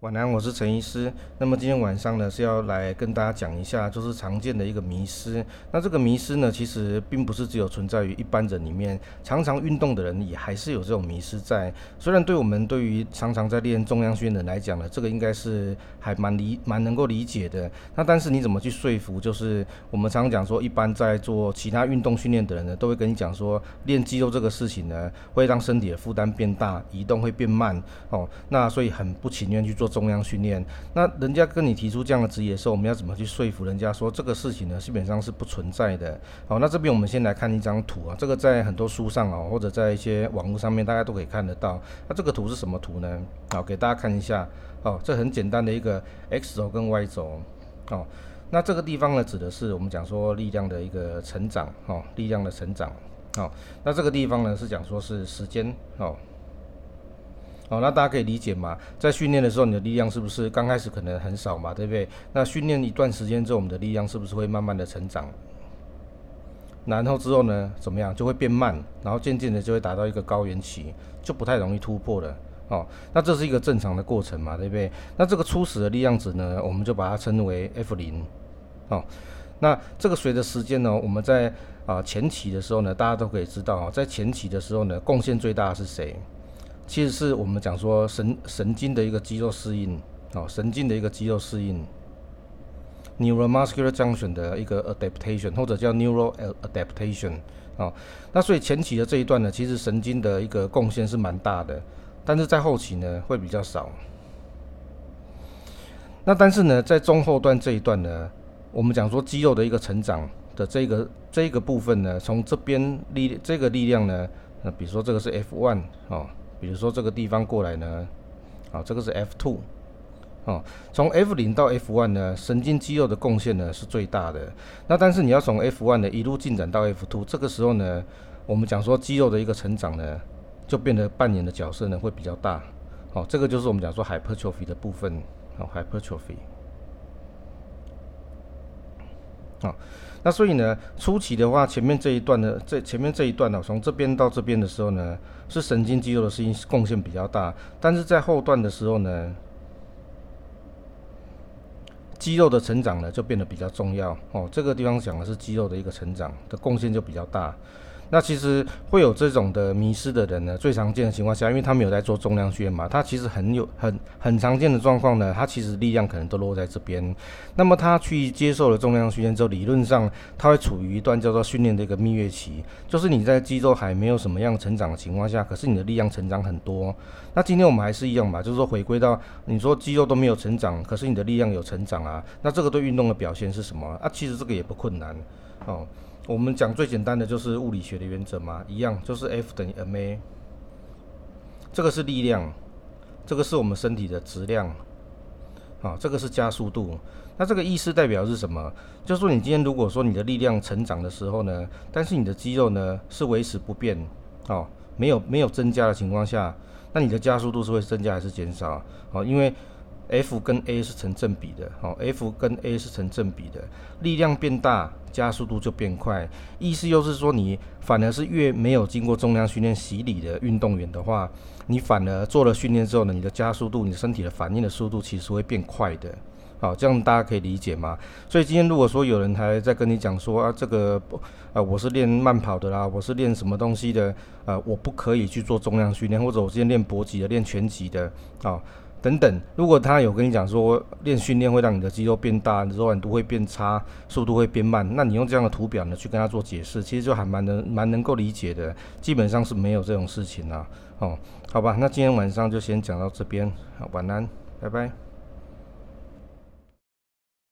晚安，我是陳醫師。那麼今天晚上呢，是要來跟大家講一下，就是常見的一個迷思。那這個迷思呢，其實並不是只有存在於一般人裡面，常常運動的人也還是有這種迷思在。雖然對我們對於常常在練重量訓練的人來講呢，這個應該是還蠻理蠻能夠理解的。那但是你怎麼去說服？就是我們常常講說，一般在做其他運動訓練的人呢，都會跟你講說，練肌肉這個事情呢，會讓身體的負擔變大，移動會變慢哦。那所以很不情願去做。中央訓練，那人家跟你提出這樣的質疑的時候，我們要怎麼去說服人家說這個事情呢？基本上是不存在的。好，那這邊我們先來看一張圖啊，這個在很多書上哦，或者在一些網絡上面，大家都可以看得到。那這個圖是什麼圖呢？好，給大家看一下。哦，這很簡單的一個 X 軸跟 Y 軸。哦，那這個地方呢，指的是我們講說力量的一個成長。哦，力量的成長。哦，那這個地方呢，是講說是時間。哦。哦，那大家可以理解嘛，在訓練的時候，你的力量是不是剛開始可能很少嘛，對不對？那訓練一段時間之後，我們的力量是不是會慢慢的成長？然後之後呢，怎麼樣就會變慢，然後漸漸的就會達到一個高原期，就不太容易突破了。哦，那這是一個正常的過程嘛，對不對？那這個初始的力量值呢，我們就把它稱為 F 零。哦，那這個隨着時間呢、哦，我們在啊、呃、前期的時候呢，大家都可以知道啊、哦，在前期的時候呢，貢獻最大的是誰？其實是我們講說神神經的一個肌肉適應，哦，神經的一個肌肉適應 （neuromuscular junction） 的一個 adaptation，或者叫 neural adaptation，哦，那所以前期的這一段呢，其實神經的一個貢獻是蠻大的，但是在後期呢會比較少。那但是呢，在中後段這一段呢，我們講說肌肉的一個成長的這個這個部分呢，從這邊力這個力量呢，那比如說這個是 F1 哦。比如說這個地方過來呢，啊、哦，這個是 F2，哦，從 F0 到 F1 呢，神經肌肉的貢獻呢是最大的。那但是你要從 F1 呢一路進展到 F2，這個時候呢，我們講說肌肉的一個成長呢，就變得扮演的角色呢會比較大。哦，這個就是我們講說 hypertrophy 的部分，哦，hypertrophy。好、哦，那所以呢，初期的話，前面這一段的，這前面這一段呢、啊，從這邊到這邊的時候呢，是神經肌肉的適應貢獻比較大，但是在後段的時候呢，肌肉的成長呢就變得比較重要哦。這個地方講的是肌肉的一個成長的貢獻就比較大。那其實會有這種的迷思的人呢，最常見的情況下，因為他沒有在做重量訓練嘛，他其實很有很很常見的狀況呢，他其實力量可能都落在這邊。那麼他去接受了重量訓練之後，理論上他會處於一段叫做訓練的一個蜜月期，就是你在肌肉還沒有什麼樣成長的情況下，可是你的力量成長很多。那今天我們還是一樣吧，就是說回歸到你說肌肉都沒有成長，可是你的力量有成長啊，那這個對運動的表現是什麼啊，啊？其實這個也不困難哦。我們講最簡單的就是物理學的原則嘛，一樣就是 F 等於 ma，這個是力量，這個是我們身體的質量，啊，哦，這個是加速度。那這個意思代表是什麼？就是說你今天如果說你的力量成長的時候呢，但是你的肌肉呢是維持不變，哦，沒有沒有增加的情況下，那你的加速度是會增加還是減少？哦，因為 F 跟 A 是成正比的，好，F 跟 A 是成正比的，力量變大，加速度就變快。意思又是說，你反而是越沒有經過重量訓練洗禮的運動員的話，你反而做了訓練之後呢，你的加速度，你的身體的反應的速度其實會變快的。好，這樣大家可以理解嗎？所以今天如果說有人還在跟你講說啊，這個不啊、呃，我是練慢跑的啦，我是練什麼東西的，啊、呃，我不可以去做重量訓練，或者我今天練搏擊的，練拳擊的，啊、哦。等等，如果他有跟你講說，練訓練會讓你的肌肉變大、柔軟度會變差、速度會變慢，那你用這樣的圖表呢，去跟他做解釋，其實就還蠻能蠻能夠理解的，基本上是沒有這種事情啦、啊。哦，好吧，那今天晚上就先講到這邊，好，晚安，拜拜。